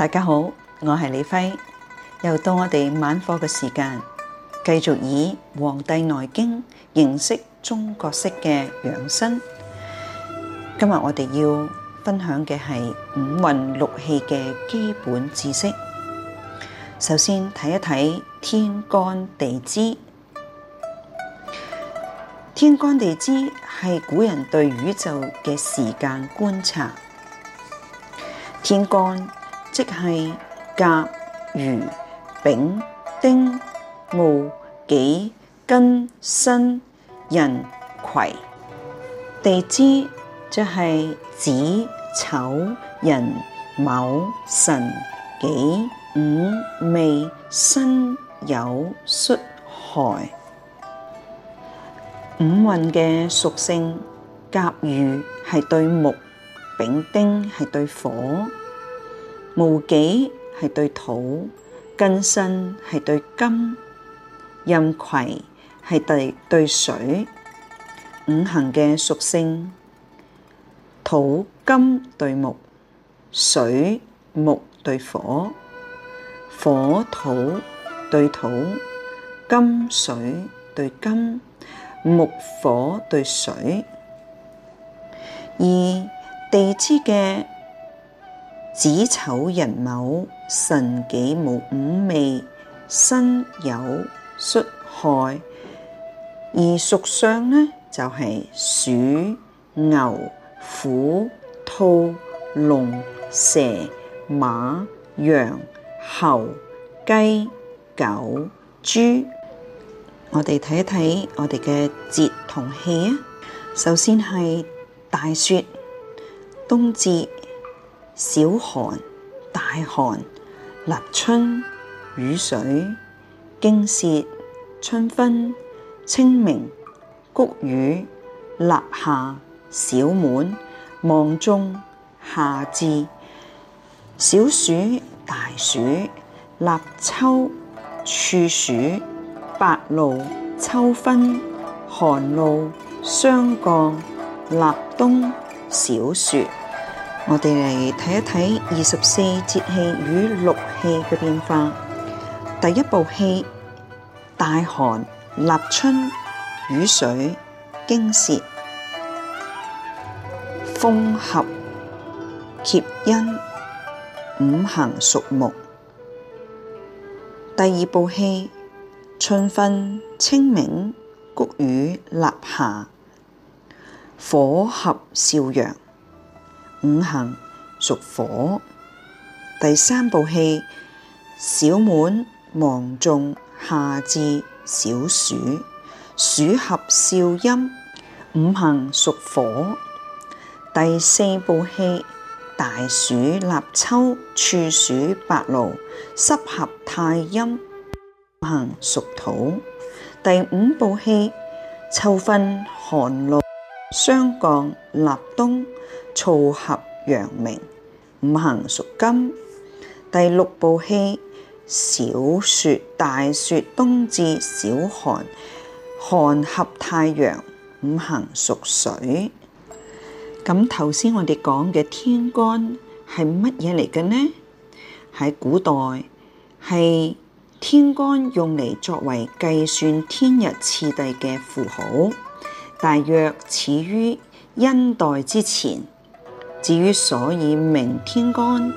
大家好，我係李輝，又到我哋晚課嘅時間，繼續以《黃帝內經》認識中國式嘅養生。今日我哋要分享嘅係五運六氣嘅基本知識。首先睇一睇天干地支。天干地支係古人對宇宙嘅時間觀察。天干。即係甲、乙、丙、丁、戊、己、庚、辛、壬、癸。地支就係子、丑、寅、卯、辰、巳、午、未、申、酉、戌、亥。五運嘅屬性，甲、乙係對木，丙、丁係對火。戊己係對土，庚辛係對金，壬癸係對對水，五行嘅屬性，土金對木，水木對火，火土對土，金水對金，木火對水，而地支嘅。子丑寅卯辰巳午午未申酉戌亥，而屬相咧就係、是、鼠、牛、虎、兔、龍、蛇、馬、羊、猴、雞、狗、狗豬。我哋睇一睇我哋嘅節同氣啊！首先係大雪，冬至。小寒、大寒、立春、雨水、驚蟄、春分、清明、谷雨、立夏、小滿、芒種、夏至、小暑、大暑、立秋、處暑、白露、秋分、寒露、霜降、立冬、小雪。我哋嚟睇一睇二十四節氣與六氣嘅變化。第一步氣大寒、立春、雨水、驚蟄、風合、厥陰，五行屬木。第二步氣春分、清明、谷雨、立夏，火合少陽。五行屬火。第三步氣小滿芒種夏至小暑，暑合少陰，五行屬火。第四步氣大暑立秋處暑白露，濕合太陰，五行屬土。第五步氣秋分寒露。霜降立冬，燥合陽明，五行屬金。第六部氣小雪、大雪、冬至、小寒，寒合太陽，五行屬水。咁頭先我哋講嘅天干係乜嘢嚟嘅呢？喺古代，係天干用嚟作為計算天日次第嘅符號。大約始於殷代之前。至於所以名天干，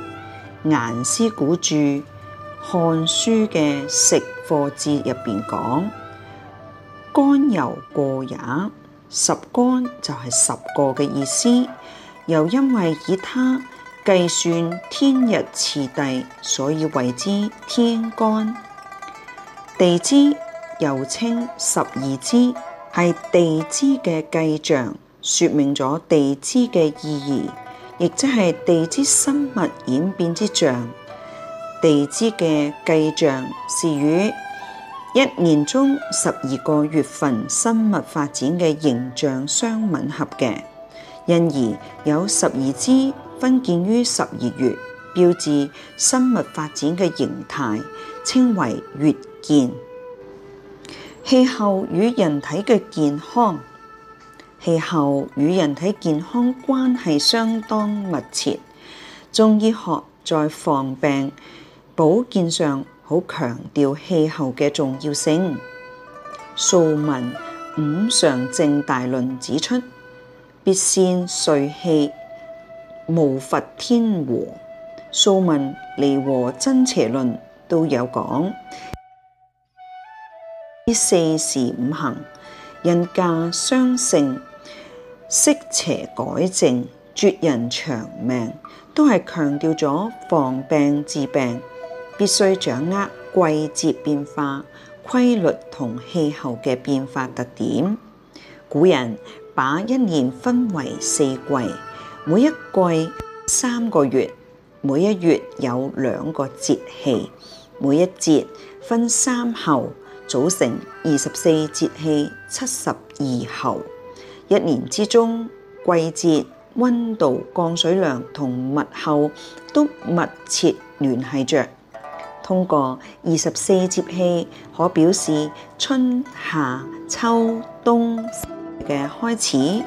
顏師古注《漢書》嘅食貨志入邊講：干由過也，十干就係十個嘅意思。又因為以它計算天日次第，所以謂之天干。地支又稱十二支。係地支嘅計象，說明咗地支嘅意義，亦即係地支生物演變之象。地支嘅計象是與一年中十二個月份生物發展嘅形象相吻合嘅，因而有十二支分建於十二月，標誌生物發展嘅形態，稱為月建。氣候與人體嘅健康，氣候與人體健康關係相當密切。中醫學在防病保健上好強調氣候嘅重要性。素問五常政大論指出，必先歲氣，無伐天和。素問離和真邪論都有講。四時五行，人嫁相勝，適邪改正，絕人長命，都係強調咗防病治病，必須掌握季節變化規律同氣候嘅變化特點。古人把一年分為四季，每一季三個月，每一月有兩個節氣，每一節分三候。組成二十四節氣七十二候，一年之中，季節、温度、降水量同物候都密切聯繫着。通過二十四節氣，可表示春夏秋冬嘅開始。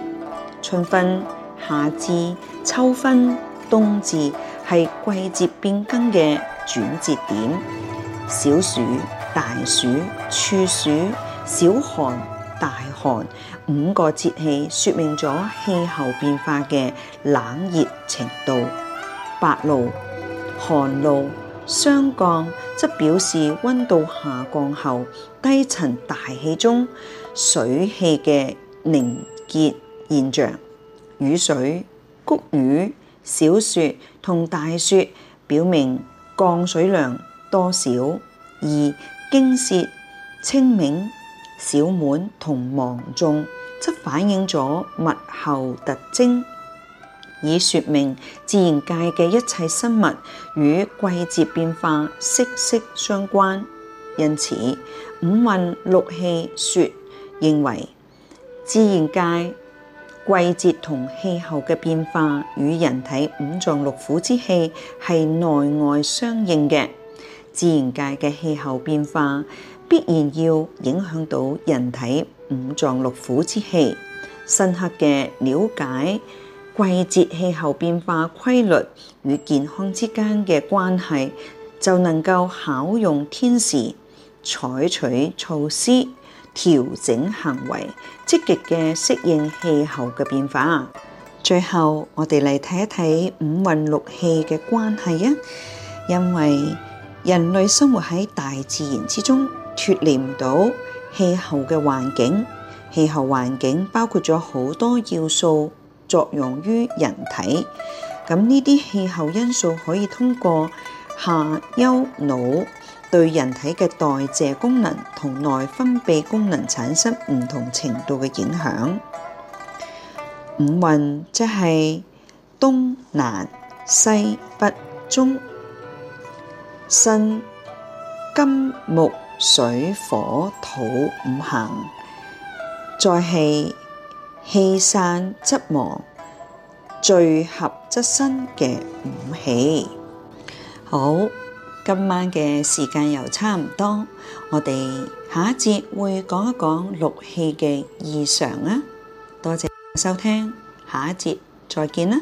春分、夏至、秋分、冬至係季節變更嘅轉折點。小暑、大暑、處暑、小寒、大寒五個節氣，說明咗氣候變化嘅冷熱程度。白露、寒露、霜降則表示温度下降後低層大氣中水氣嘅凝結現象。雨水、穀雨、小雪同大雪，表明降水量多少。而驚蟄、清明、小滿同芒種，則反映咗物候特徵，以說明自然界嘅一切生物與季節變化息息相關。因此，五運六氣說認為，自然界季節同氣候嘅變化與人體五臟六腑之氣係內外相應嘅。自然界嘅氣候變化必然要影響到人體五臟六腑之氣，深刻嘅了解季節氣候變化規律與健康之間嘅關係，就能夠巧用天時，採取措施調整行為，積極嘅適應氣候嘅變化。最後，我哋嚟睇一睇五運六氣嘅關係啊，因為。人類生活喺大自然之中，脫離唔到氣候嘅環境。氣候環境包括咗好多要素，作用於人體。咁呢啲氣候因素可以通過下丘腦對人體嘅代謝功能同內分泌功能產生唔同程度嘅影響。五運即係東南西北中。生金木水火土五行，再係氣散則亡，聚合則生嘅五氣。好，今晚嘅時間又差唔多，我哋下一節會講一講六氣嘅異常啊！多謝收聽，下一節再見啦！